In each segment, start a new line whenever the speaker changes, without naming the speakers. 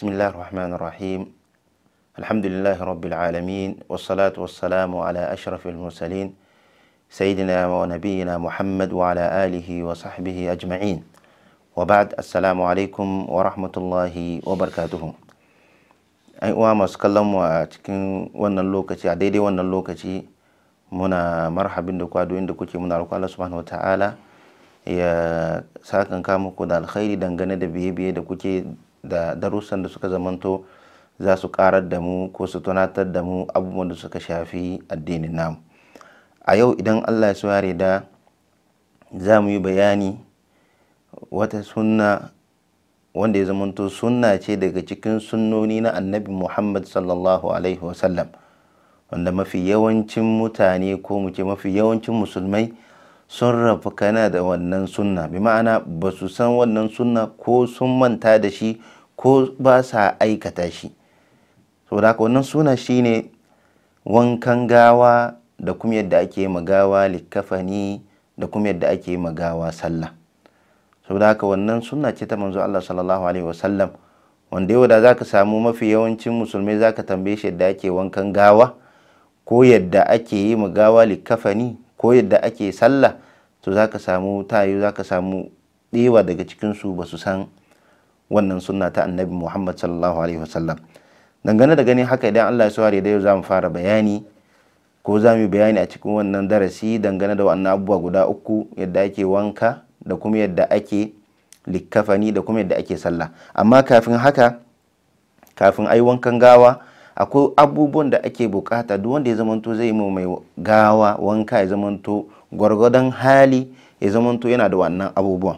بسم الله الرحمن الرحيم الحمد لله رب العالمين والصلاة والسلام على أشرف المرسلين سيدنا ونبينا محمد وعلى آله وصحبه أجمعين وبعد السلام عليكم ورحمة الله وبركاته أي وما سكلم واتكن وانا اللوكتي عديدي وانا اللوكتي منا مرحبا بندك وادو اندك منا رك الله سبحانه وتعالى يا ساكن كامو كدال خيري دنغني دبي بي دكوتي da darussan da suka zamanto za su karar da mu ko su tunatar da mu abubuwan da suka shafi addinin namu a yau idan allah ya sware da za mu yi bayani wata sunna wanda ya zamanto sunna ce daga cikin sunnoni na annabi muhammad sallallahu alaihi wasallam wanda mafi yawancin mutane ko mu ce mafi yawancin musulmai sun kana da wannan sunna bi ma'ana ba su san wannan sunna ko sun manta da shi ko ba sa aikata shi saboda haka wannan suna shi ne wankan gawa da kuma yadda ake magawa likafani da kuma yadda ake magawa sallah saboda haka wannan suna ce ta manzo Allah sallallahu alaihi wasallam wanda yau da za ka samu mafi yawancin musulmai ka tambaye shi yadda ake wankan gawa ko yadda ake yi magawa likafani ko yadda ake sallah to zaka samu za ka samu ɗewa daga cikinsu ba su san wannan sunna ta annabi Muhammad sallallahu alaihi wasallam dangane da ganin haka idan Allah ya saware da yau za mu fara bayani ko za mu bayani a cikin wannan darasi dangane da wannan abubuwa guda uku yadda ake wanka da kuma yadda ake likkafani da kuma yadda ake sallah amma kafin haka kafin ai wankan gawa akwai abubuwan da ake bukata duk wanda ya zamanto zai yi mai gawa wanka ya zamanto gwargwadon hali ya zamanto yana da wannan abubuwan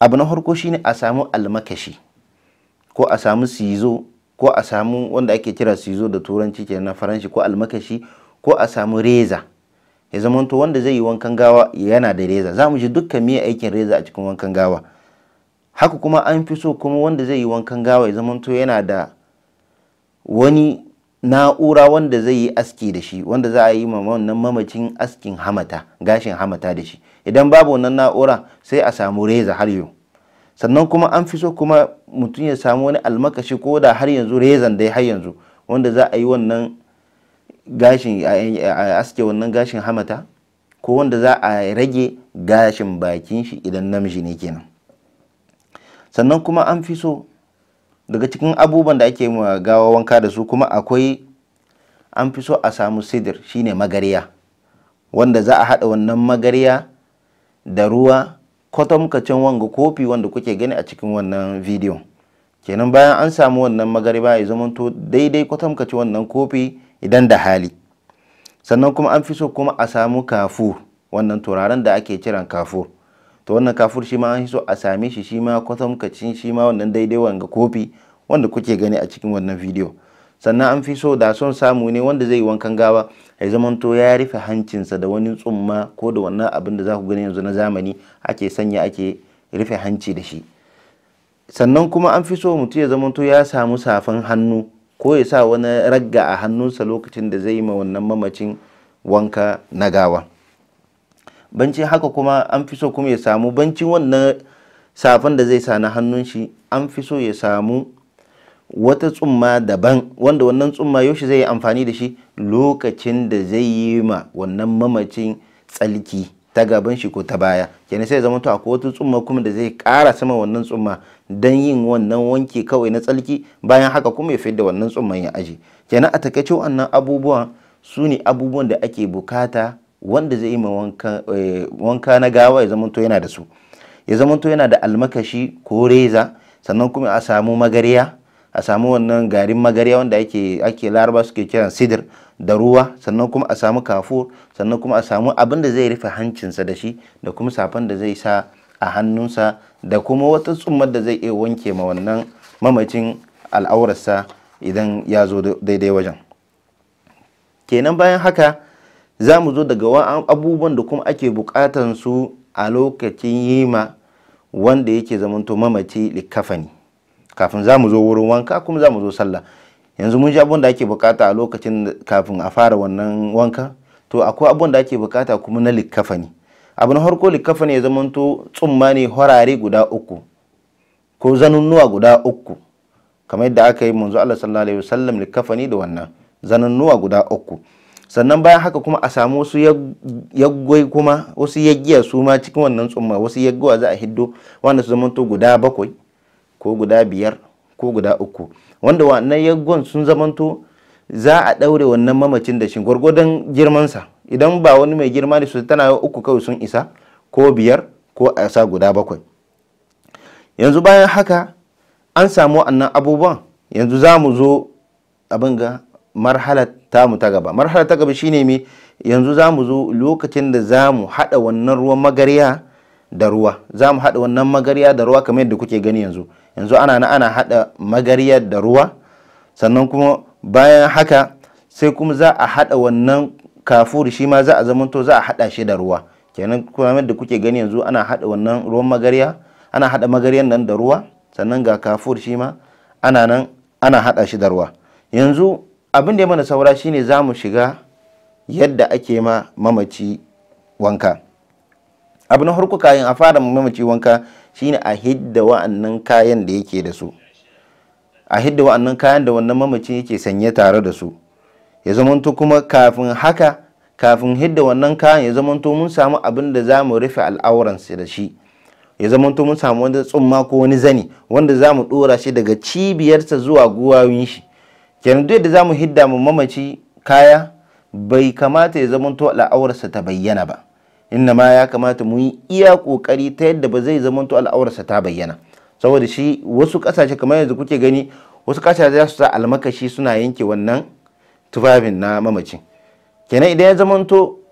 abu na farko shine a samu almakashi ko a samu sizo ko a samu wanda ake kira sizo da turanci ke na faranshi ko almakashi ko a samu reza ya zamanto wanda zai yi wankan gawa yana da reza za mu ji dukkan miya aikin reza a cikin wankan gawa haka kuma an fi so kuma wanda zai yi wankan gawa ya zamanto yana da wani na'ura wanda zai yi aski da shi wanda za a yi ma wannan mamacin askin hamata gashin hamata da shi idan babu wannan na'ura sai a samu reza har yau sannan kuma an fi so kuma mutum ya samu wani almakashi ko da har yanzu rezan dai har yanzu wanda za a yi wannan gashin a aske wannan gashin hamata ko wanda za a rage gashin bakin shi idan namiji ne kenan sannan kuma an fi so daga cikin abubuwan da ake wa gawa wanka da su kuma akwai an fi so a samu sidir shine magariya wanda za a haɗa wannan magariya da ruwa can wanga kofi wanda kuke gani a cikin wannan video kenan bayan an samu wannan magariba ya to daidai can wannan kofi idan da hali sannan kuma an fi so kuma a samu kafu wannan turaren da ake kiran kafur to wannan kafur shi ma an so a same shi shi ma kwatamkacin shi ma wannan daidai wanga kofi wanda kuke gani a cikin wannan bidiyo sannan an fi so da son samu ne wanda zai yi wankan gawa ya zamanto ya rufe hancinsa da wani tsumma ko da wannan abin da za ku gani yanzu na zamani ake sanya ake rufe hanci da shi sannan kuma an fi so mutum ya zamanto ya samu safan hannu ko ya sa wani ragga a hannunsa lokacin da zai yi ma wannan mamacin wanka na gawa. Banci haka kuma an fi so kuma ya samu bancin wannan safan da zai sa na hannun shi an fi so ya samu wata tsumma daban wanda wannan tsumma yaushe zai yi amfani da shi lokacin da zai yi ma wannan mamacin tsalki ta gaban shi ko ta baya kenan sai zama to akwai wata tsumma kuma da zai kara sama wannan tsumma don yin wannan wanki kawai na tsalki bayan haka kuma ya fidda wannan tsumman ya aji kenan a takaice wannan abubuwan su ne abubuwan da ake bukata wanda zai yi ma eh, wanka na gawa ya zamanto yana da su ya zamanto yana da almakashi ko reza sannan kuma a samu magariya a samu wannan garin magarya wanda ake ake laraba suke kiran sidir da ruwa sannan kuma a samu kafur sannan kuma a samu abin da zai rufe hancinsa da shi da kuma safan da zai sa a hannunsa da kuma wata tsummar da zai iya wanke ma wannan mamacin al'aurarsa idan ya zo daidai wajen kenan bayan haka za mu zo daga wa'an abubuwan da kuma ake bukatan su a lokacin yima wanda yake zamanto mamaci likafani kafin za mu zo wurin wanka kuma za mu zo sallah yanzu mun ji abin da ake bukata a lokacin kafin a fara wannan wanka to akwai abin da ake bukata kuma na likafani abu na harko likafani ya zamanto tsumma ne horare guda uku ko zanunnuwa guda uku kamar yadda aka yi manzo Allah sallallahu alaihi wasallam likafani da wannan zanunnuwa guda uku sannan bayan haka kuma a samu wasu yaggoi kuma wasu yaggiya su ma cikin wannan tsumma wasu yaggowa za a hiddo wanda su zamanto guda bakwai ko guda biyar ko guda uku wanda wannan yaggon sun zamanto za a ɗaure wannan mamacin da shi gwargwadon girmansa idan ba wani mai girma ne su tana uku kawai sun isa ko biyar ko a sa guda bakwai yanzu bayan haka an samu wannan abubuwan yanzu za mu zo abin ga marhalar tamu ta gaba marhalar ta gaba shine me yanzu za mu zo lokacin da za mu haɗa wannan ruwan magarya da ruwa za mu haɗa wannan magarya da ruwa kamar yadda kuke gani yanzu yanzu ana na ana haɗa magarya da ruwa sannan kuma bayan haka sai kuma za a haɗa wannan kafur shi ma za a zamanto za a haɗa shi da ruwa kenan kuma yadda kuke gani yanzu ana haɗa wannan ruwan magarya ana haɗa magaryan nan da ruwa sannan ga kafur shi ma ana nan ana haɗa shi da ruwa yanzu abin da ya mana saura shine za mu shiga yadda ake ma mamaci wanka abu na harko kayan a fara mamaci wanka shine a hidda wa'annan kayan da yake da su a hidda wa'annan kayan da wannan mamaci yake sanye tare da su ya zamanto kuma kafin haka kafin hidda wannan kayan ya zamanto mun samu abin da za mu rufe al'auransu da shi ya zamanto mun samu wani tsumma ko wani zani wanda za mu dora shi daga cibiyarsa zuwa guwawin shi kenan duk yadda zamu hidda mu mamaci kaya bai kamata ya zamanto al'awarsa ta bayyana ba inna ma ya kamata mu yi iya kokari ta yadda ba zai zamanto al'awarsa ta bayyana saboda shi wasu kasashe kamar yanzu kuke gani wasu kasashe za su sa almakashi suna yanke wannan tufafin na mamacin kenan idan ya zamanto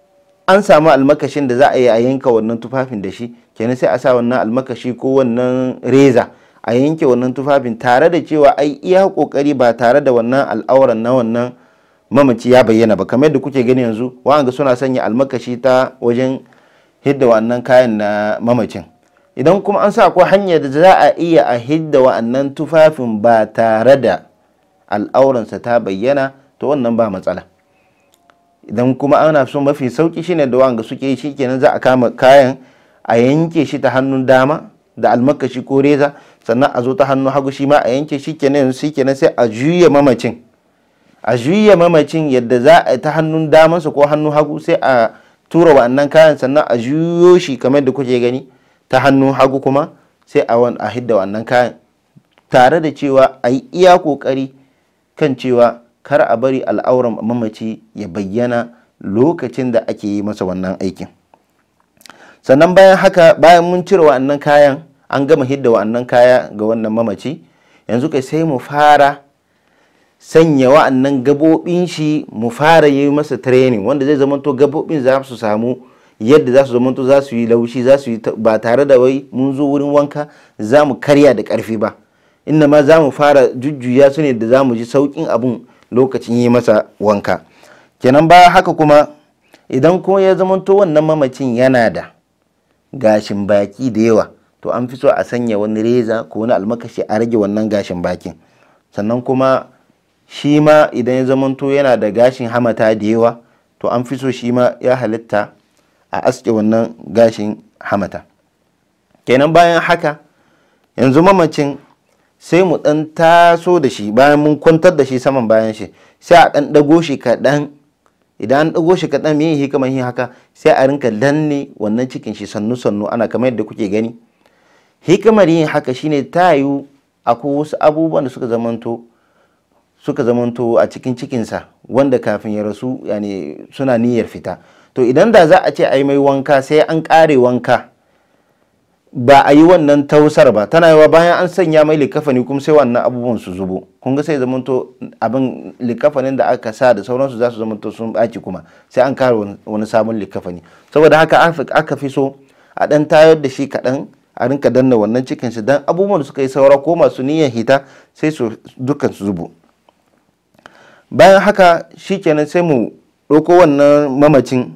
an samu almakashin da za a yi a yanka wannan tufafin da shi kenan sai a sa wannan almakashi ko wannan reza a yanke wannan tufafin tare da cewa ai iya kokari ba tare da wannan al'auran na wannan mamaci ya bayyana ba kamar yadda kuke gani yanzu wa'anga suna sanya almakashi ta wajen hidda wannan kayan na mamacin idan kuma an sa ko hanyar da za a iya a hidda wa'annan tufafin ba tare da al'auransa ta bayyana to wannan ba matsala idan kuma ana so mafi sauki shine da wa'anga suke yi shikenan za a kama kayan a yanke shi ta hannun dama da almakashi ko reza sannan a zo ta hannu hagu shi ma a yanke shi kenan yanzu shi kenan sai a juya mamacin a juya mamacin yadda za a ta hannun damansa ko hannu hagu sai a tura wa'annan kayan sannan a juyo shi kamar da kuke gani ta hannun hagu kuma sai a a hidda wa'annan kayan tare da cewa a yi iya kokari kan cewa kar a bari al'auran mamaci ya bayyana lokacin da ake yi masa wannan aikin. sannan bayan haka bayan mun cire wa'annan kayan an gama hidda wa'annan kaya ga wannan mamaci yanzu kai sai mu fara sanya wa'annan gabobin shi mu fara yi masa training wanda zai zamanto gabobin za su samu yadda za su zamanto za su yi laushi za su yi ba tare da wai mun zo wurin wanka za mu karya da karfi ba inna ma za mu fara jujjuya su ne da za mu ji sauƙin abun lokacin yi masa wanka kenan ba haka kuma idan ko ya zamanto wannan mamacin yana da gashin baki da yawa to an fi so a sanya wani reza ko wani almakashi a rage wannan gashin bakin sannan kuma shi ma idan ya zamanto yana da gashin hamata da yawa to an fi so shi ma ya halitta a aske wannan gashin hamata kenan bayan haka yanzu mamacin sai mu ɗan taso da shi bayan mun kwantar da shi saman bayan shi sai a ɗan ɗago shi kaɗan idan an ɗago shi kaɗan me hikaman yi haka sai a rinka danne wannan cikin shi sannu sannu ana kamar yadda kuke gani hikamar yin haka shine ta yiwu akwai wasu abubuwan da suka zamanto suka zamanto a cikin cikinsa wanda kafin ya rasu yani suna niyyar fita to idan da za a ce a yi mai wanka sai an ƙare wanka ba a yi wannan tausar ba tana yawa bayan an sanya mai likafani kuma sai wannan abubuwan su zubo kun ga sai zamanto abin likafanin da aka sa da sauransu za su zamanto sun baki kuma sai an kare wani sabon likafani saboda haka aka fi so a dan tayar da shi kaɗan a rinka danna wannan cikin shi dan abubuwan da suka yi saura ko masu niyyar hita sai su dukkan su zubo bayan haka shikenan sai mu ɗauko wannan mamacin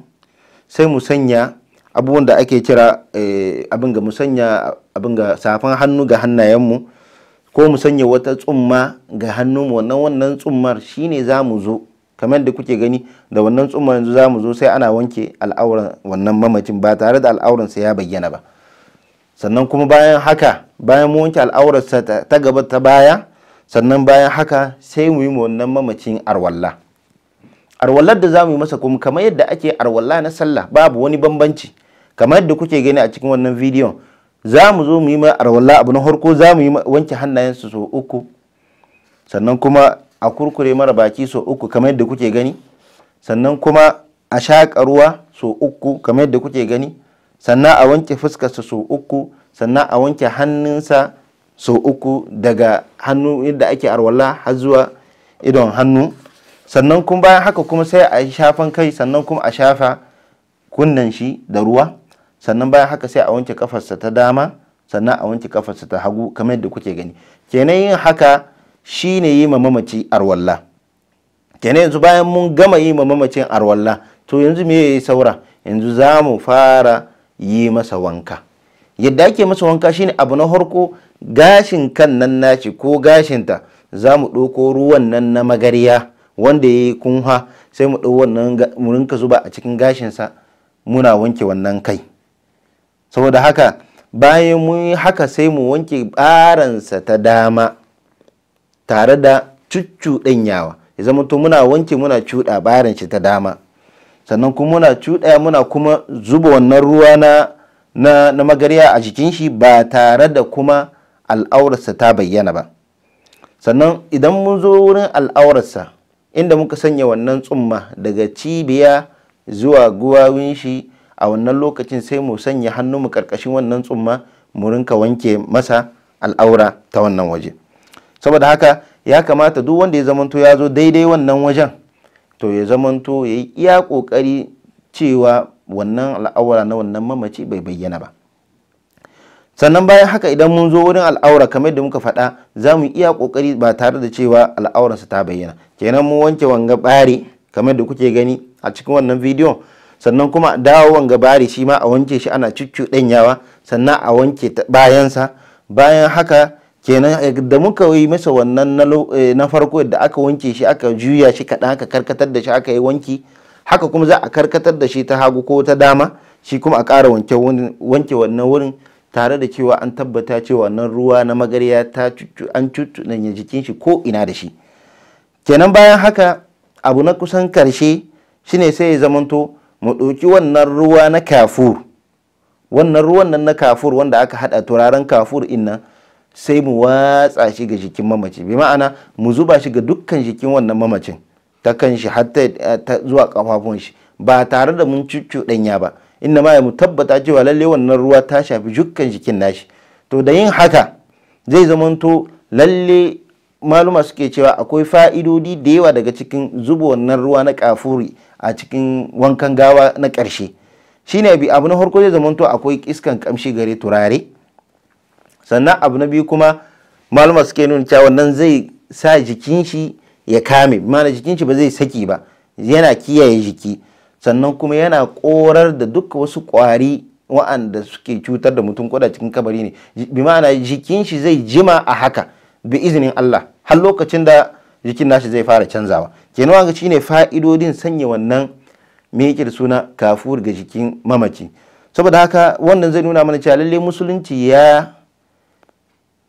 sai mu sanya abubuwan da ake kira eh, abin ga musanya abin ga safan hannu ga hannayenmu ko mu sanya wata tsumma ga hannunmu wannan wannan tsummar shine za mu zo kamar da kuke gani da wannan tsumma yanzu za mu zo sai ana wanke al'auran wannan mamacin ba tare da al'auransa ya bayyana ba sannan kuma bayan haka bayan mu wanke al'aurarsa ta gaba ta baya sannan bayan haka sai mu yi wannan mamacin arwalla arwallar da za mu yi masa kuma kamar yadda ake arwalla na sallah babu wani bambanci kamar yadda kuke gani a cikin wannan bidiyon za mu zo mu yi ma arwalla abu na harko za mu yi wanke hannayensu sau uku sannan kuma a kurkure mara baki sau uku kamar yadda kuke gani sannan kuma a shaƙa ruwa sau uku kamar yadda kuke gani sannan a wanke fuskarsa sau uku sannan a wanke hannunsa sau uku daga hannu yadda ake arwalla har zuwa idon hannu sannan kuma bayan haka kuma sai a yi shafan kai sannan kuma a shafa kunnen shi da ruwa sannan bayan haka sai a wanke kafarsa ta dama sannan a wanke kafarsa ta hagu kamar yadda kuke gani kenan yin haka shine yi ma mamaci arwalla kenan yanzu bayan mun gama yi ma mamacin arwalla to yanzu me yi saura yanzu za mu fara yi masa wanka yadda ake masa wanka shine abu na harko gashin kan nan naci ko gashinta za mu ɗauko ruwan nan na magarya wanda ya yi kunha sai mu ɗau wannan mu ka zuba a cikin gashinsa muna wanke wannan kai saboda haka bayan mun yi haka sai mu wanke baransa ta dama tare da cuccuɗanyawa ya zama to muna wanke muna cuɗa baran shi ta dama sannan kuma muna cuɗaya muna kuma zuba wannan ruwa na na, na magarya a jikin shi ba tare da kuma al'aurarsa ta bayyana ba sannan idan mun zo wurin al'aurarsa inda muka sanya wannan tsumma daga cibiya zuwa guwawin shi a wannan lokacin sai mu sanya hannu mu karkashin wannan tsumma mu rinka wanke masa al'aura ta wannan waje saboda haka ya kamata duk wanda ya zamanto ya zo daidai wannan wajen to ya zamanto ya yi iya kokari cewa wannan al'aura na wannan mamaci bai bayyana ba sannan bayan haka idan mun zo wurin al'aura kamar da muka faɗa za mu iya ƙoƙari ba tare da cewa al'aurarsa ta bayyana kenan mu wanke wanga bari kamar da kuke gani a cikin wannan bidiyon sannan kuma dawo wanga bari shi ma a wanke shi ana yawa sannan a wanke bayansa bayan haka kenan eh, da muka yi masa wannan na eh, farko da aka wanke shi aka juya shi kaɗan aka karkatar da shi aka yi wanki haka kuma za a karkatar da shi ta hagu ko ta dama shi kuma a ƙara wanke wannan wurin tare da cewa an tabbata cewa nan ruwa na magarya ta an cutunanya jikin shi ko ina da shi kenan bayan haka abu na kusan karshe shine sai ya zamanto mu ɗauki wannan ruwa na kafur wannan ruwan nan na kafur wanda aka haɗa turaren kafur inna sai mu watsa shi ga jikin mamaci bi ma'ana mu zuba shi ga dukkan jikin wannan mamacin ta kan shi har zuwa kafafun shi ba tare da mun ɗanya ba inna ma ya mu tabbata cewa lalle wannan ruwa ta shafi dukkan jikin nashi to da yin haka zai zamanto lalle maluma suke cewa akwai fa'idodi da yawa daga cikin zuba wannan ruwa na kafuri a cikin wankan gawa na ƙarshe shine bi abu na farko zai zamanto akwai iskan kamshi gare turare sannan abu na biyu kuma maluma suke nuna cewa wannan zai sa jikin shi ya kame mana jikin shi ba zai saki ba yana kiyaye jiki sannan kuma yana korar da duka wasu kwari wa'anda suke cutar da mutum koda cikin kabari ne bi ma'ana jikin shi zai jima a haka bi izinin Allah har lokacin da jikin nashi zai fara canzawa kenan wanga shine fa'idodin sanya wannan mekir suna kafur ga jikin mamaci saboda haka wannan zai nuna mana cewa lalle musulunci ya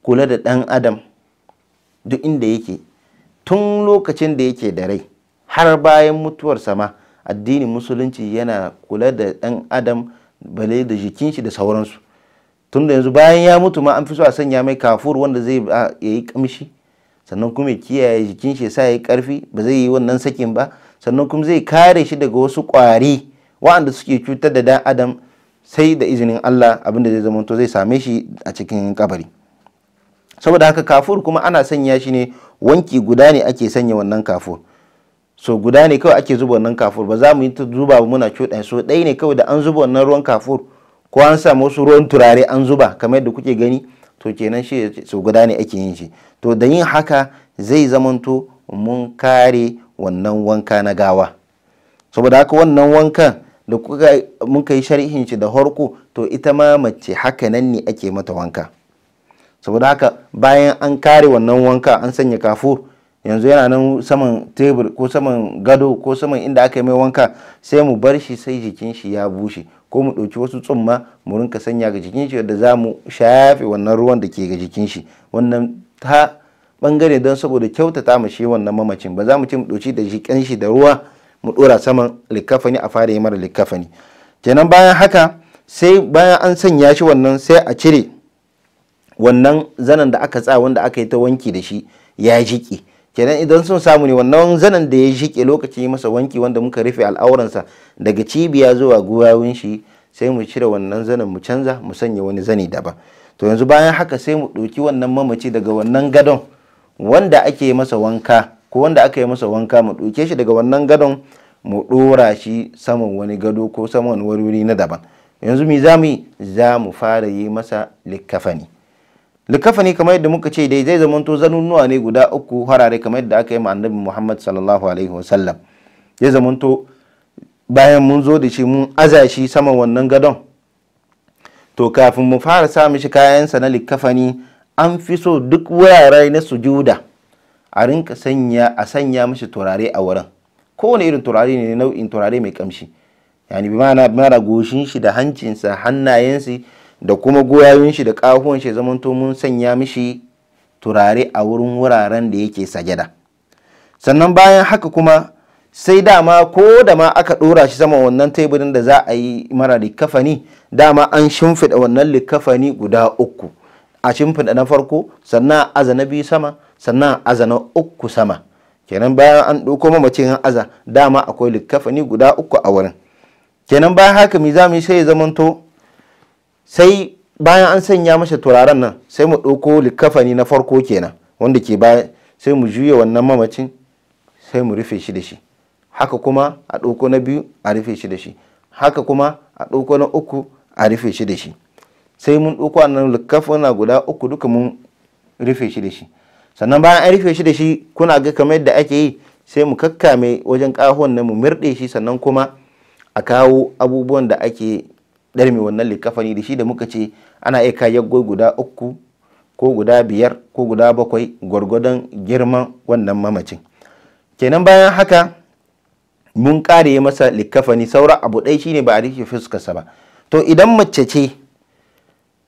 kula da dan adam duk inda yake tun lokacin da yake da rai har bayan mutuwar sama addinin musulunci yana kula da ɗan adam bale da jikin shi da sauransu tun da yanzu bayan ya mutu ma an fi so a sanya mai kafur wanda zai ya yi kamshi sannan kuma ya kiyaye jikin shi sa ya yi karfi ba zai yi wannan sakin ba sannan kuma zai kare shi daga wasu kwari waɗanda suke cutar da dan adam sai da izinin Allah abin da zai zama to zai same shi a cikin kabari saboda haka kafur kuma ana sanya shi ne wanki guda ne ake sanya wannan kafur so guda ne kawai ake zuba wannan kafur ba za mu yi ta zuba ba muna cuɗa so ɗaya ne kawai da an zuba wannan ruwan kafur ko an samu wasu ruwan turare an zuba kamar yadda kuke gani to kenan shi so guda ne ake yin shi to da yin haka zai zamanto mun kare wannan wanka na gawa saboda haka wannan wankan da kuka muka yi sharhin shi da horko to ita ma mace haka nan ne ake mata wanka saboda haka bayan an kare wannan wanka an sanya kafur yanzu yana nan saman tebur ko saman gado ko saman inda aka yi mai wanka sai mu bar shi sai jikin shi ya bushe ko mu ɗauki wasu tsumma mu rinka sanya ga jikin shi da za mu shafe wannan ruwan da ke ga jikin shi wannan ta bangare don saboda kyautata mu shi wannan mamacin ba za mu ce mu ɗauki da jikin shi da ruwa mu ɗora saman likafani a fara yi mara likafani kenan bayan haka sai bayan an sanya shi wannan sai a cire wannan zanen da aka tsa wanda aka yi ta wanki da shi ya jiƙe kenan idan sun samu ne wannan zanen da ya shike lokacin masa wanki wanda muka rufe al'auransa daga cibiya zuwa gurawun shi sai mu cire wannan zanen mu canza mu sanya wani zani daban to yanzu bayan haka sai mu ɗauki wannan mamaci daga wannan gadon wanda ake masa wanka ko wanda aka yi masa wanka mu ɗauke shi daga wannan gadon mu ɗora shi saman wani gado ko saman wani wuri na daban yanzu mi za mu yi za mu fara yi masa likkafani likafani kamar yadda muka ce dai zai zamanto zanunnuwa ne guda uku harare kamar yadda aka yi ma annabi muhammad sallallahu alaihi wasallam ya zamanto bayan mun zo da shi mun aza shi saman wannan gadon to kafin mu fara sa mishi kayansa na likafani an fi so duk wurare na sujuda a rinka sanya a sanya mishi turare a wurin kowane irin turare ne nau'in turare mai kamshi yani bi mana goshin shi da hancinsa hannayensa da kuma goyayen shi da ƙahuwan shi zamanto mun sanya mishi turare a wurin wuraren da yake sajada sannan bayan haka kuma sai dama ko da ma aka ɗora shi sama wannan teburin da za a yi mara likafani dama an shimfiɗa wannan likafani guda uku a shimfiɗa na farko sannan aza na biyu sama sannan aza na uku sama kenan bayan an ɗauko mamacin an aza dama akwai likafani guda uku a wurin kenan bayan haka mi za mu yi sai ya zamanto sai bayan an sanya masa turaren nan sai mu ɗauko likafani na farko kenan wanda ke baya sai mu juya wannan mamacin sai mu rufe shi da shi haka kuma a ɗauko na biyu a rufe shi da shi haka kuma a ɗauko na uku a rufe shi da shi sai mun ɗauko nan likafana guda uku duka mun rufe shi da shi sannan bayan an rufe shi da shi kuna ga kamar yadda ake yi sai mu kakkame wajen ƙahon na mu mirɗe shi sannan kuma a kawo abubuwan da ake ɗarmi wannan likafani da shi da muka ce ana iya kayan guda uku ko guda biyar ko guda bakwai gwargwadon girman wannan mamacin kenan bayan haka mun kare masa likafani saura abu ɗai shine ba a rike fuskarsa ba to idan mace ce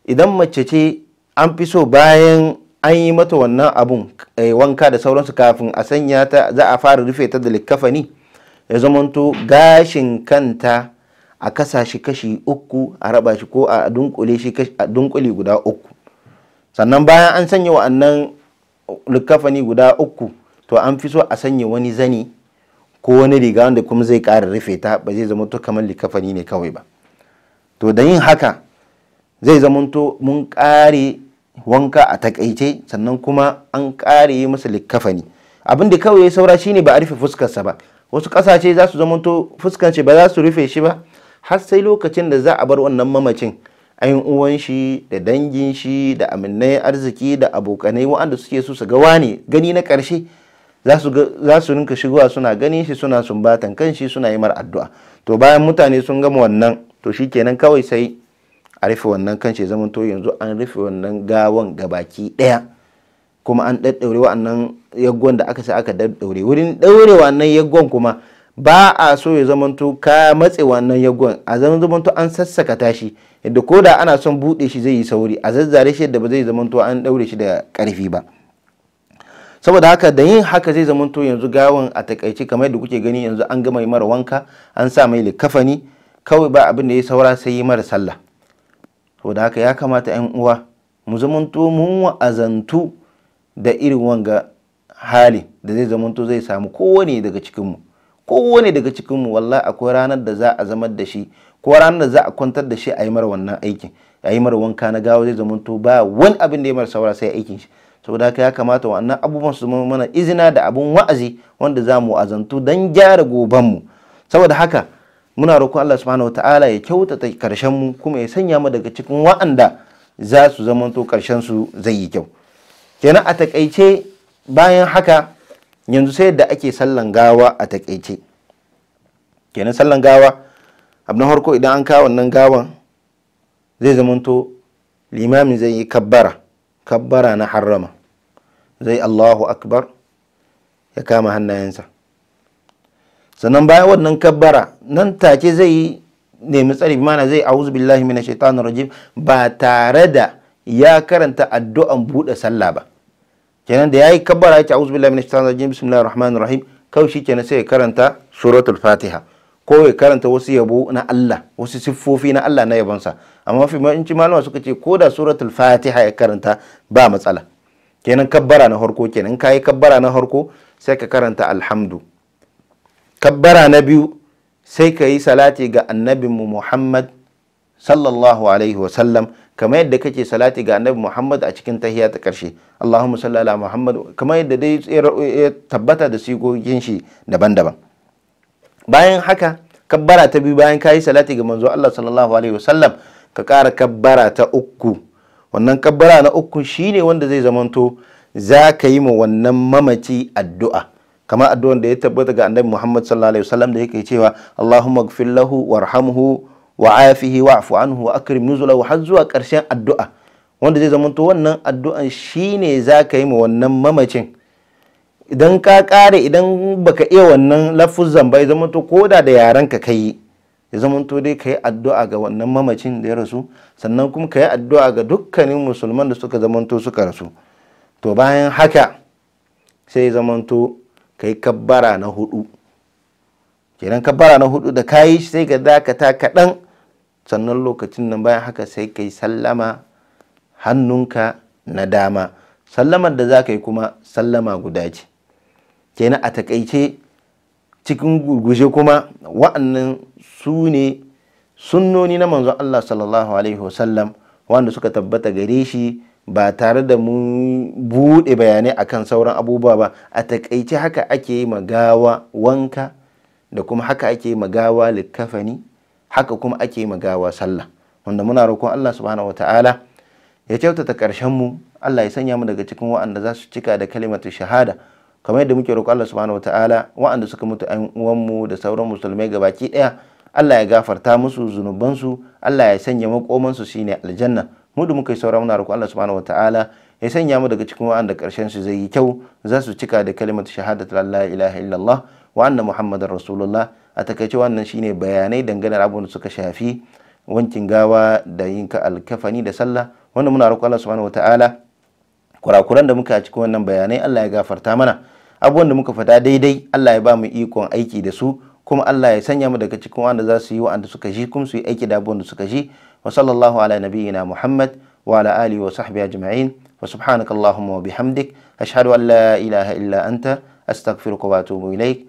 idan mace ce an fi so bayan an yi mata wannan abun eh, wanka da sauransu kafin a sanya ta za a fara rufe ta da likafani ya zamanto gashin kanta a kasa shi kashi uku a raba shi ko a dunkule shi a dunkule guda uku sannan bayan an sanya wa'annan likafani guda uku to an fi so a sanya wani zani ko wani riga wanda kuma zai ƙara rufe ta ba zai zama to kamar likafani ne kawai ba to da yin haka zai zama to mun ƙare wanka a takaice sannan kuma an ƙare masa likafani abin da kawai ya saura shine ba a rufe fuskarsa ba wasu ƙasashe za su zama to fuskarsa ba za su rufe shi ba har sai lokacin da za a bar wannan mamacin ayin uwan shi da dangin shi da aminai arziki da abokanai waɗanda suke so su ga wane gani na ƙarshe za su rinka shigowa suna ganin shi suna sumbatan kan shi suna yi mar addu'a to bayan mutane sun gama wannan to shi kenan kawai sai a rufe wannan kan shi zaman to yanzu an rufe wannan gawan gabaki ɗaya kuma an ɗaɗɗaure wa'annan yaggon da aka sa aka ɗaɗɗaure wurin ɗaure wannan yaggon kuma ba a so ya zamanto ka matse wannan yagon a zamanto an sassaka tashi yadda ko da ana son buɗe shi zai yi sauri a zazzare shi yadda ba zai zamanto an ɗaure shi da ƙarfi ba saboda haka da yin haka zai zamanto yanzu gawan a takaice kamar yadda kuke gani yanzu an gama mara wanka an sa mai likafani kawai ba abin da ya saura sai yi mara sallah saboda haka ya kamata yan uwa mu zamanto mun wa'azantu da irin wanga hali da zai zamanto zai samu kowane daga cikinmu kowane daga cikinmu walla akwai ranar da za a zamar da shi ko ranar da za a kwantar da shi a yi mara wannan aikin a yi mara wanka na gawa zai zama to ba wani abin da ya mara saura sai aikin shi saboda haka ya kamata wannan abubuwan su zama mana izina da abin wa'azi wanda za mu azantu don gyara gobanmu saboda haka muna roƙon Allah subhanahu wataala ya kyautata karshen mu kuma ya sanya mu daga cikin wa'anda za su zama to karshen su zai yi kyau kenan a takaice bayan haka yanzu sai da ake sallan gawa a takaice kenan sallan gawa abu harko idan an kawo wannan gawan zai zamanto limamin zai yi kabbara kabbara na harrama zai allahu akbar ya kama hannayensa sannan bayan wannan kabbara nan take zai yi nemi tsari mana zai auzu billahi mina shaitanir rajim ba tare da ya karanta addu'an buɗe sallah ba kenan da yayi kabbara yake a'udhu billahi minash shaitanir rajim bismillahir rahmanir rahim kawai shikenan sai ya karanta suratul fatiha ko ya karanta wasu yabo na Allah wasu siffofi na Allah na yabonsa amma mafi yawanci malama suka ce ko da suratul fatiha ya karanta ba matsala kenan kabbara na harko kenan kayi kabbara na harko sai ka karanta alhamdu kabbara na biyu sai ka yi salati ga annabinmu muhammad sallallahu alaihi wasallam kamar yadda kake salati ga annabi Muhammad a cikin tahiya ta karshe Allahumma salli ala Muhammad kamar yadda dai ya tabbata da sigogin shi daban-daban bayan haka kabbara ta biyu bayan kayi salati ga manzo Allah sallallahu alaihi wasallam ka kara kabbara ta uku wannan kabbara na uku shine wanda zai zamanto za ka yi ma wannan mamaci addu'a kamar addu'an da ya tabbata ga annabi Muhammad sallallahu alaihi wasallam da yake cewa Allahumma gfir lahu warhamhu wa afihi wa afu anhu wa akrim nuzulahu har zuwa ƙarshen addu'a wanda zai zama to wannan addu'an shine za ka yi ma wannan mamacin idan ka kare idan baka iya wannan lafuzan ba ya to koda da yaran ka kai ya to dai ka yi addu'a ga wannan mamacin da ya rasu sannan kuma ka yi addu'a ga dukkanin musulman da suka zama to suka rasu to bayan haka sai zamanto ka yi kabbara na hudu kenan kabbara na hudu da kayi sai ka dakata kaɗan sannan lokacin nan bayan haka sai ka yi sallama hannunka na dama sallamar da za ka yi kuma sallama guda ce kenan a takaice cikin gurguje kuma wa'annan su ne sunnoni na manzon Allah sallallahu alaihi wasallam wanda suka tabbata gare shi ba tare da mun bude bayanai akan sauran abubuwa ba a takaice haka ake yi magawa wanka da kuma haka ake magawa likafani haka kuma ake magawa sallah wanda muna roƙon Allah subhanahu wataala ya kyautata ƙarshen mu Allah ya sanya mu daga cikin wa'anda za su cika da kalimatu shahada kamar yadda muke roƙon Allah subhanahu wataala wa'anda suka mutu uwan mu da sauran musulmai gabaki ɗaya Allah ya gafarta musu zunubansu Allah ya sanya su shine aljanna mu da muka yi sauran muna roƙon Allah subhanahu wataala ya sanya mu daga cikin wa'anda ƙarshen su zai yi kyau za su cika da kalimatu shahada la ilaha illallah wa anna muhammadar rasulullah a takaice wannan shine bayanai dangane da abin da suka shafi wankin gawa da yin ka alkafani da sallah wanda muna roƙon Allah subhanahu wataala kurakuran da muka cikin wannan bayanai Allah ya gafarta mana abubuwan da muka fada daidai Allah ya ba mu ikon aiki da su kuma Allah ya sanya mu daga cikin wanda za su yi wa'anda suka shi kuma su yi aiki da abubuwan da suka shi wa sallallahu ala nabiyyina muhammad wa ala alihi wa sahbihi ajma'in wa subhanakallahumma wa bihamdik ashhadu an la ilaha illa anta astaghfiruka wa atubu ilaik